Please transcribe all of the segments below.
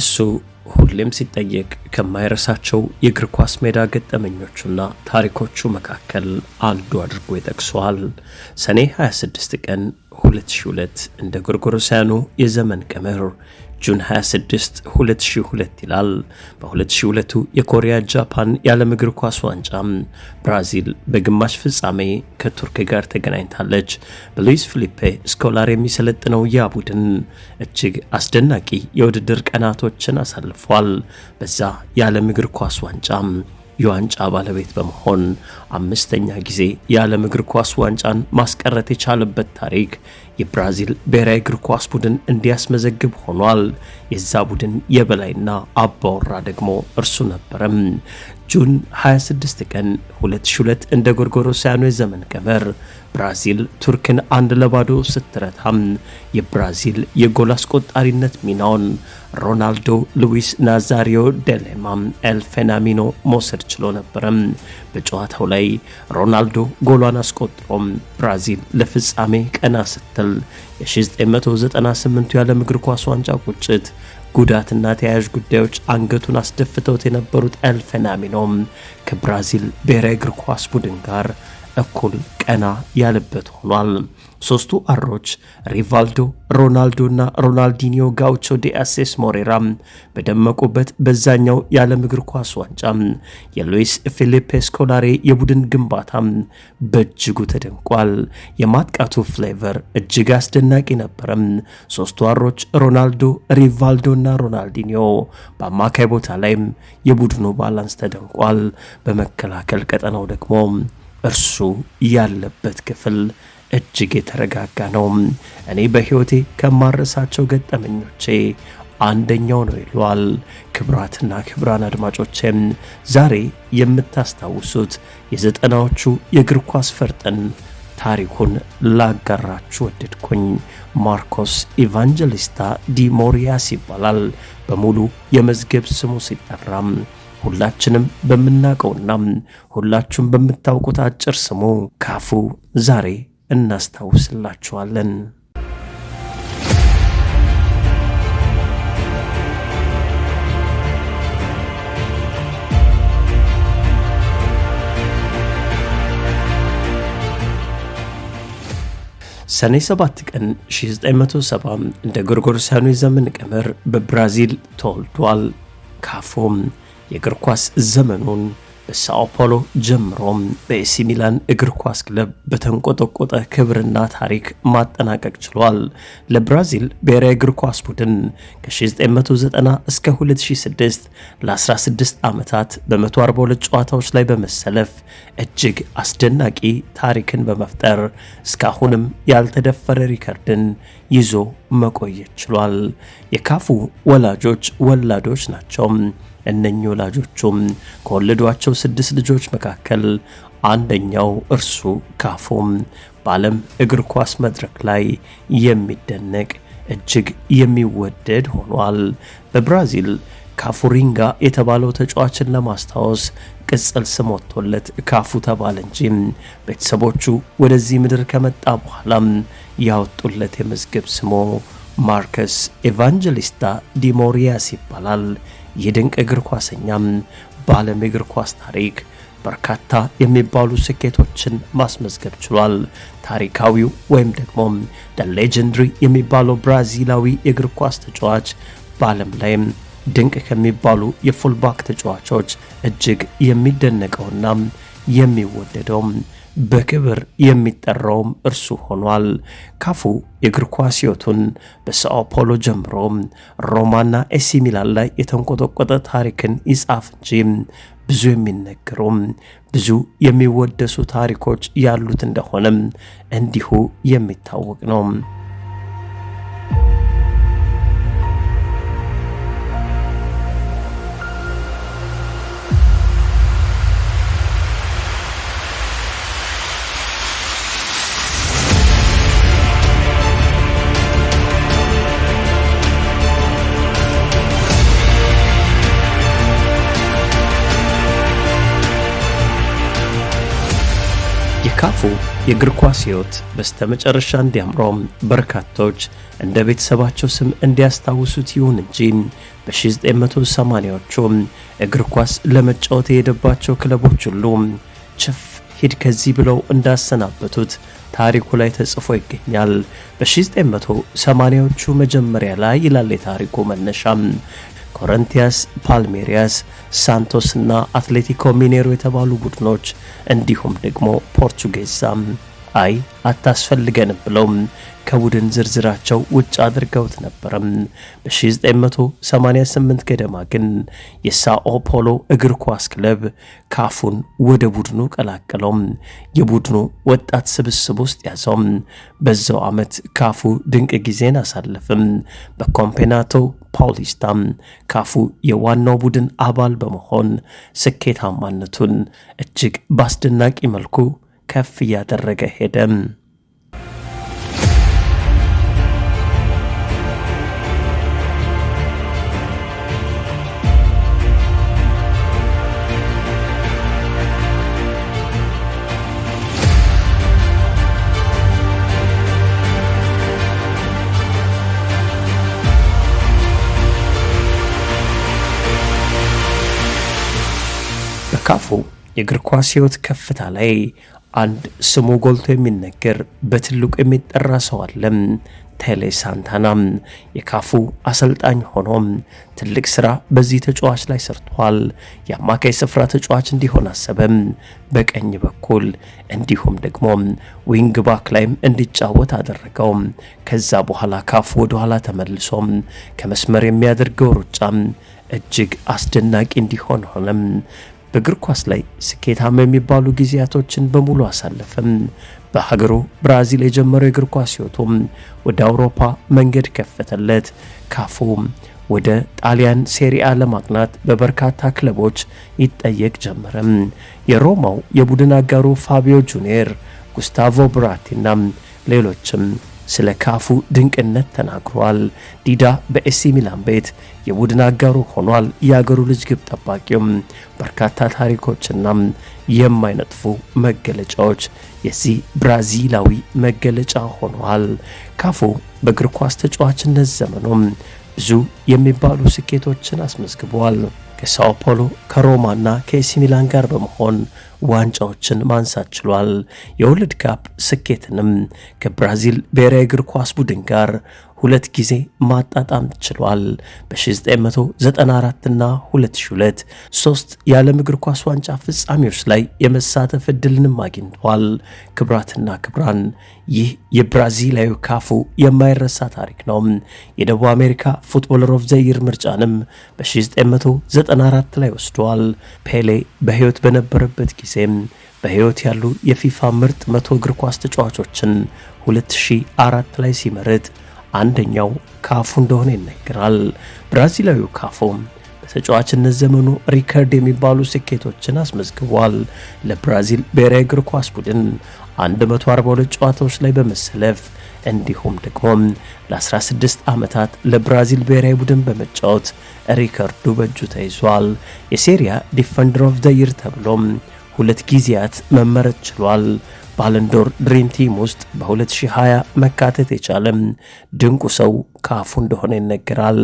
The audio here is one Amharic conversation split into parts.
እሱ ሁሌም ሲጠየቅ ከማይረሳቸው የእግር ኳስ ሜዳ ገጠመኞቹና ታሪኮቹ መካከል አንዱ አድርጎ ይጠቅሰዋል። ሰኔ 26 ቀን 2002 እንደ ጎርጎሮሳውያኑ የዘመን ቀመር ጁን 26 2002 ይላል። 2002 የኮሪያ ጃፓን የዓለም እግር ኳስ ዋንጫ ብራዚል በግማሽ ፍጻሜ ከቱርክ ጋር ተገናኝታለች። በሉዊስ ፊሊፔ ስኮላር የሚሰለጥነው ያ ቡድን እጅግ አስደናቂ የውድድር ቀናቶችን አሳልፏል። በዛ የዓለም እግር ኳስ ዋንጫ የዋንጫ ባለቤት በመሆን አምስተኛ ጊዜ የዓለም እግር ኳስ ዋንጫን ማስቀረት የቻለበት ታሪክ የብራዚል ብሔራዊ እግር ኳስ ቡድን እንዲያስመዘግብ ሆኗል። የዛ ቡድን የበላይና አባወራ ደግሞ እርሱ ነበረም። ጁን 26 ቀን 2002 እንደ ጎርጎሮሳውያኑ የዘመን ቀመር ብራዚል ቱርክን አንድ ለባዶ ስትረታም የብራዚል የጎል አስቆጣሪነት ሚናውን ሮናልዶ ሉዊስ ናዛሪዮ ደሌማም ኤል ፌናሚኖ መውሰድ ችሎ ነበረም። በጨዋታው ላይ ሮናልዶ ጎሏን አስቆጥሮም ብራዚል ለፍጻሜ ቀና ስትል የ1998 የዓለም እግር ኳስ ዋንጫ ቁጭት ጉዳትና ተያያዥ ጉዳዮች አንገቱን አስደፍተውት የነበሩት ኤል ከብራዚል ብሔራዊ እግር ኳስ ቡድን ጋር እኩል ቀና ያለበት ሆኗል። ሶስቱ አሮች ሪቫልዶ፣ ሮናልዶ እና ሮናልዲኒዮ ጋውቾ ዴ ሞሬራ በደመቁበት በዛኛው የዓለም እግር ኳስ ዋንጫ የሉዊስ ፊሊፔ ስኮላሬ የቡድን ግንባታ በእጅጉ ተደንቋል። የማጥቃቱ ፍሌቨር እጅግ አስደናቂ ነበረም። ሶስቱ አሮች ሮናልዶ፣ ሪቫልዶ እና ሮናልዲኒዮ በአማካይ ቦታ ላይም የቡድኑ ባላንስ ተደንቋል። በመከላከል ቀጠናው ደግሞ እርሱ ያለበት ክፍል እጅግ የተረጋጋ ነው። እኔ በሕይወቴ ከማረሳቸው ገጠመኞቼ አንደኛው ነው ይሏል። ክብራትና ክብራን አድማጮቼም ዛሬ የምታስታውሱት የዘጠናዎቹ የእግር ኳስ ፈርጥን ታሪኩን ላጋራችሁ ወደድኩኝ። ማርኮስ ኢቫንጀሊስታ ዲ ሞሪያስ ይባላል በሙሉ የመዝገብ ስሙ ሲጠራም ሁላችንም በምናውቀውና ሁላችሁም በምታውቁት አጭር ስሙ ካፉ ዛሬ እናስታውስላችኋለን። ሰኔ 7 ቀን 1970 እንደ ጎርጎርሳኑ የዘመን ቀመር በብራዚል ተወልዷል። ካፉ የእግር ኳስ ዘመኑን በሳኦ ፓውሎ ጀምሮም በኤሲ ሚላን እግር ኳስ ክለብ በተንቆጠቆጠ ክብርና ታሪክ ማጠናቀቅ ችሏል። ለብራዚል ብሔራዊ እግር ኳስ ቡድን ከ1990 እስከ 2006 ለ16 ዓመታት በ142 ጨዋታዎች ላይ በመሰለፍ እጅግ አስደናቂ ታሪክን በመፍጠር እስካሁንም ያልተደፈረ ሪከርድን ይዞ መቆየት ችሏል። የካፉ ወላጆች ወላዶች ናቸው። እነኚህ ወላጆቹም ከወለዷቸው ስድስት ልጆች መካከል አንደኛው እርሱ ካፎም በዓለም እግር ኳስ መድረክ ላይ የሚደነቅ እጅግ የሚወደድ ሆኗል። በብራዚል ካፉሪንጋ የተባለው ተጫዋችን ለማስታወስ ቅጽል ስም ወጥቶለት ካፉ ተባለ እንጂ ቤተሰቦቹ ወደዚህ ምድር ከመጣ በኋላም ያወጡለት የመዝገብ ስሙ ማርከስ ኤቫንጀሊስታ ዲሞሪያስ ይባላል። የድንቅ እግር ኳሰኛም በዓለም የእግር ኳስ ታሪክ በርካታ የሚባሉ ስኬቶችን ማስመዝገብ ችሏል። ታሪካዊው ወይም ደግሞ ደ ሌጀንድሪ የሚባለው ብራዚላዊ የእግር ኳስ ተጫዋች በዓለም ላይም ድንቅ ከሚባሉ የፉልባክ ተጫዋቾች እጅግ የሚደነቀውና የሚወደደው በክብር የሚጠራውም እርሱ ሆኗል። ካፉ የእግር ኳስ ሕይወቱን በሳኦ ፖሎ ጀምሮ ሮማና ኤሲ ሚላን ላይ የተንቆጠቆጠ ታሪክን ይጻፍ እንጂ ብዙ የሚነገሩ ብዙ የሚወደሱ ታሪኮች ያሉት እንደሆነም እንዲሁ የሚታወቅ ነው። የእግር ኳስ ሕይወት በስተመጨረሻ እንዲያምሮም በርካቶች እንደ ቤተሰባቸው ስም እንዲያስታውሱት ይሁን እንጂ በ 1980 ዎቹ እግር ኳስ ለመጫወት የሄደባቸው ክለቦች ሁሉ ችፍ ሂድ ከዚህ ብለው እንዳሰናበቱት ታሪኩ ላይ ተጽፎ ይገኛል። በ1980ዎቹ መጀመሪያ ላይ ይላል የታሪኩ መነሻም ኮረንቲያስ፣ ፓልሜሪያስ፣ ሳንቶስ እና አትሌቲኮ ሚኔሮ የተባሉ ቡድኖች እንዲሁም ደግሞ ፖርቱጌዛም አይ አታስፈልገንም ብለውም ከቡድን ዝርዝራቸው ውጭ አድርገውት ነበረም። በ1988 ገደማ ግን የሳኦ ፖሎ እግር ኳስ ክለብ ካፉን ወደ ቡድኑ ቀላቀለውም፣ የቡድኑ ወጣት ስብስብ ውስጥ ያዘው። በዛው ዓመት ካፉ ድንቅ ጊዜን አሳለፍም። በኮምፔናቶ ፓውሊስታ ካፉ የዋናው ቡድን አባል በመሆን ስኬታማነቱን እጅግ በአስደናቂ መልኩ ከፍ እያደረገ ሄደም። የእግር ኳስ ህይወት ከፍታ ላይ አንድ ስሙ ጎልቶ የሚነገር በትልቁ የሚጠራ ሰው አለም። ቴሌ ሳንታናም የካፉ አሰልጣኝ ሆኖም ትልቅ ስራ በዚህ ተጫዋች ላይ ሰርቷል። የአማካይ ስፍራ ተጫዋች እንዲሆን አሰበም በቀኝ በኩል እንዲሁም ደግሞ ዊንግ ባክ ላይም እንዲጫወት አደረገው። ከዛ በኋላ ካፉ ወደ ኋላ ተመልሶም ከመስመር የሚያደርገው ሩጫም እጅግ አስደናቂ እንዲሆን ሆነም። በእግር ኳስ ላይ ስኬታማ የሚባሉ ጊዜያቶችን በሙሉ አሳለፈም። በሀገሩ ብራዚል የጀመረው የእግር ኳስ ሕይወቱም ወደ አውሮፓ መንገድ ከፈተለት። ካፉ ወደ ጣሊያን ሴሪአ ለማቅናት በበርካታ ክለቦች ይጠየቅ ጀመረም። የሮማው የቡድን አጋሩ ፋቢዮ ጁኒየር፣ ጉስታቮ ብራቲና ሌሎችም ስለ ካፉ ድንቅነት ተናግሯል። ዲዳ በኤሲ ሚላን ቤት የቡድን አጋሩ ሆኗል። የአገሩ ልጅ ግብ ጠባቂውም በርካታ ታሪኮችና የማይነጥፉ መገለጫዎች የዚህ ብራዚላዊ መገለጫ ሆኗል። ካፉ በእግር ኳስ ተጫዋችነት ዘመኑም ብዙ የሚባሉ ስኬቶችን አስመዝግቧል። ከሳኦ ፖሎ ከሮማና ከኤሲ ሚላን ጋር በመሆን ዋንጫዎችን ማንሳት ችሏል። የወርልድ ካፕ ስኬትንም ከብራዚል ብሔራዊ እግር ኳስ ቡድን ጋር ሁለት ጊዜ ማጣጣም ችሏል። በ1994 እና 2002 ሶስት የዓለም እግር ኳስ ዋንጫ ፍጻሜዎች ላይ የመሳተፍ ዕድልንም አግኝቷል። ክብራትና ክብራን ይህ የብራዚላዊ ካፉ የማይረሳ ታሪክ ነው። የደቡብ አሜሪካ ፉትቦለር ኦፍ ዘይር ምርጫንም በ1994 ላይ ወስዷል። ፔሌ በሕይወት በነበረበት ጊዜ ጊዜም በሕይወት ያሉ የፊፋ ምርጥ መቶ እግር ኳስ ተጫዋቾችን 2004 ላይ ሲመርጥ አንደኛው ካፉ እንደሆነ ይነገራል። ብራዚላዊው ካፉ በተጫዋችነት ዘመኑ ሪከርድ የሚባሉ ስኬቶችን አስመዝግቧል። ለብራዚል ብሔራዊ እግር ኳስ ቡድን 142 ጨዋታዎች ላይ በመሰለፍ እንዲሁም ደግሞ ለ16 ዓመታት ለብራዚል ብሔራዊ ቡድን በመጫወት ሪከርዱ በእጁ ተይዟል። የሴሪያ ዲፈንደር ኦፍ ዘ ይር ተብሎም ሁለት ጊዜያት መመረጥ ችሏል። ባለንዶር ድሪም ቲም ውስጥ በ2020 መካተት የቻለም ድንቁ ሰው ካፉ እንደሆነ ይነገራል።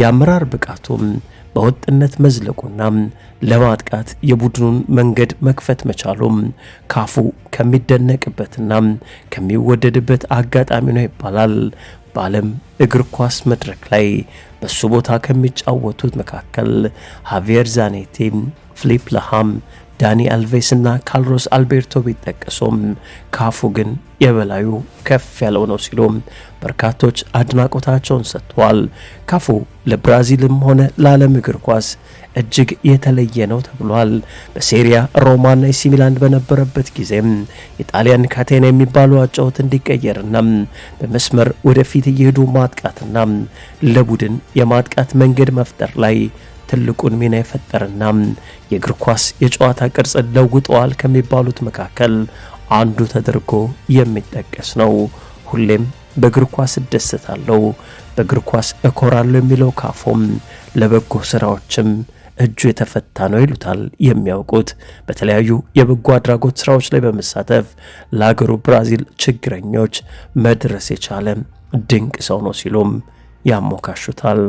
የአመራር ብቃቱም በወጥነት መዝለቁና ለማጥቃት የቡድኑን መንገድ መክፈት መቻሉም ካፉ ከሚደነቅበትና ከሚወደድበት አጋጣሚ ነው ይባላል። በዓለም እግር ኳስ መድረክ ላይ በሱ ቦታ ከሚጫወቱት መካከል ሃቪየር ዛኔቴ፣ ፊሊፕ ለሃም፣ ዳኒ እና ካርሎስ አልቤርቶ ቢጠቀሱም ካፉ ግን የበላዩ ከፍ ያለው ነው ሲሉም በርካቶች አድናቆታቸውን ሰጥተዋል። ካፉ ለብራዚልም ሆነ ለዓለም እግር ኳስ እጅግ የተለየ ነው ተብሏል። በሴሪያ ሮማ ኤሲ ሚላን በነበረበት ጊዜም የጣሊያን ካቴና የሚባሉ አጫወት እንዲቀየርና በመስመር ወደፊት እየሄዱ ማጥቃትና ለቡድን የማጥቃት መንገድ መፍጠር ላይ ትልቁን ሚና የፈጠረና የእግር ኳስ የጨዋታ ቅርጽ ለውጠዋል ከሚባሉት መካከል አንዱ ተደርጎ የሚጠቀስ ነው። ሁሌም በእግር ኳስ እደሰታለሁ፣ በእግር ኳስ እኮራለሁ የሚለው ካፎም ለበጎ ስራዎችም እጁ የተፈታ ነው ይሉታል የሚያውቁት። በተለያዩ የበጎ አድራጎት ስራዎች ላይ በመሳተፍ ለአገሩ ብራዚል ችግረኞች መድረስ የቻለ ድንቅ ሰው ነው ሲሉም ያሞካሹታል።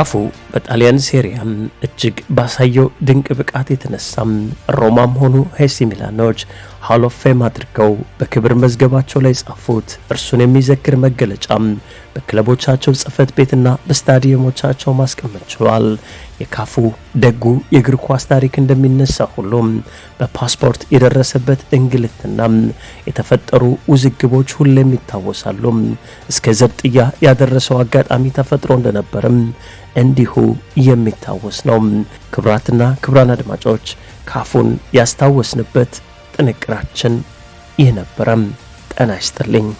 ካፉ በጣሊያን ሴሪያም እጅግ ባሳየው ድንቅ ብቃት የተነሳም ሮማም ሆኑ ሄሲ ሚላኖች ሃሎፌም አድርገው በክብር መዝገባቸው ላይ ጻፉት። እርሱን የሚዘክር መገለጫም በክለቦቻቸው ጽህፈት ቤትና በስታዲየሞቻቸው ማስቀመጥ ችሏል። የካፉ ደጉ የእግር ኳስ ታሪክ እንደሚነሳ ሁሉም በፓስፖርት የደረሰበት እንግልትና የተፈጠሩ ውዝግቦች ሁሌም ይታወሳሉ። እስከ ዘብጥያ ያደረሰው አጋጣሚ ተፈጥሮ እንደነበርም እንዲሁ የሚታወስ ነው። ክብራትና ክብራን አድማጮች ካፉን ያስታወስንበት ጥንቅራችን ይህ ነበረም። ጤና ይስጥልኝ።